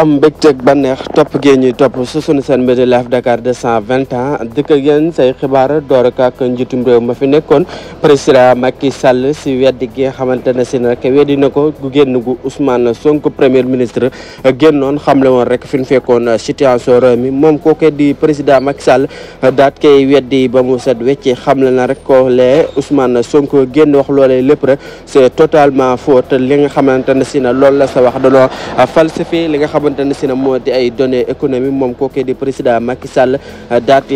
am mbégteeg bànneex topp gee ñuy topp su sunu seen Média Live Dakar deux cent vingt ans dëkk ak say xibaar door ak ak njiitum réew ma fi nekkoon président Macky Sall si weddi gi nga xamante ne si ne rek weddi na ko gu génn gu Ousmane Sonko premier ministre génnoon xamle woon rek fi mu fekkoon situation réew mi moom kooku di président Macky Sall daat koy weddi ba mu set wecci xamle na rek ko lee Ousmane Sonko génn wax loolee lépp rek c'est totalement faux te li nga xamante ne si na loolu la sa wax danoo falsifié li xamante ne si na moo di ay données économiques moom kookee di président euh,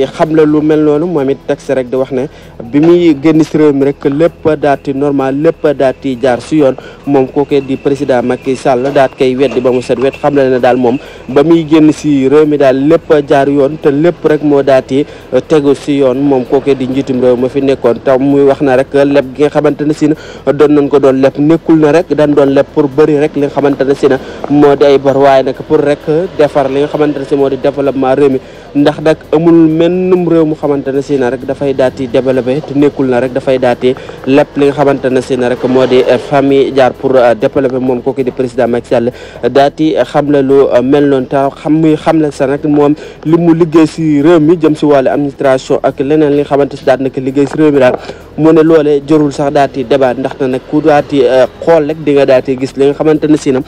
xam la lu mel noonu moom it texte rek di wax ne bi muy génn si réew mi rek lépp daati normal lépp daati jaar si yoon moom kookee di président Macky Sall daat kay weddi ba mu set wet xam la ne daal moom ba muy génn si réew mi daal lépp jaar yoon te lépp rek moo daati euh, tegu si yoon moom kookee di njiitum réew moo fi nekkoon tam muy wax na rek leb gi nga xamante ne si na doon nañ ko doon leb nekkul na rek dañ doon leb pour bëri rek li nga xamante na moo di ay bor waaye nag pour rek defar li nga xamante ne si moo di développement réew mi ndax nag amul mennum réew mu xamante ne si na rek dafay daal di développé te nekkul na rek dafay daal di lépp li nga xamante ne si na rek moo di famille jaar pour euh, développé moom kooku di président Macky Sall daal di xamle loo euh, mel noonu te xam muy xamle sa nag moom li mu liggéey si réew mi jëm si wàllu administration ak leneen li nga xamante si daal nag liggéey si réew mi daal mu ne loolee jorul sax daati débat ndax na nag ku daati euh, xool rek di nga daati gis li nga xamante ne si na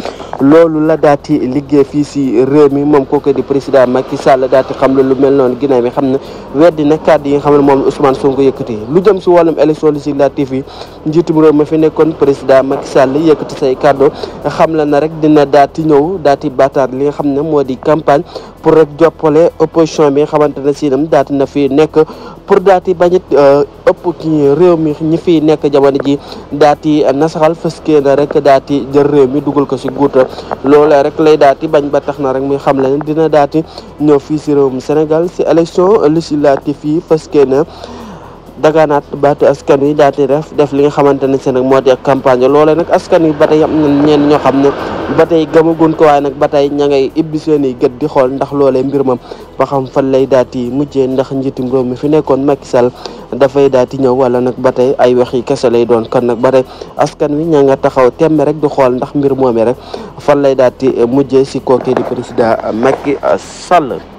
loolu la daati liggéey fii si réew mi moom ko di président Macky Sall daati xam la lu mel noonu ginnaaw bi xam ne weddi na kàddu yi nga xam ne moom Ousmane Sonko yëkkati lu jëm si wàllum élection législative yi njiitum réew ma fi nekkoon président Macky Sall yëkkati say kàddu xam la na rek dina daati ñëw daati bataar li nga xam ne moo di campagne pour rek joppale opposition bi nga xamante ne si nam daati na fi nekk pour daati bañ euh, ëpp ci réew mi ñi fiy nekk jamono ji daal di nasaxal fëskee na rek daal jël réew mi dugal ko si guuta loolee rek lay daal di bañ ba tax na rek muy xam na dina daal di ñëw fii si réewum Sénégal si élection législative yi fëskee na daganaat baatu askan wi daal ref def def li nga xamante ne si nag moo de ak campagne loolee nag askan wi ba tey am na ñenn ñoo xam ne ba tey gëmagun ko waaye nag ba tey ña ngay ibbi seen i gët di xool ndax loolee mbir ma xam fan lay di mujjee ndax njiitum réew mi fi nekkoon Macky Sall dafay daal di ñëw wala nag ba tey ay wax yi kese lay doon kan nag ba tey askan wi ña nga taxaw temm rek di xool ndax mbir moomee rek fan lay daal di mujjee si kooku di président Macky Sall.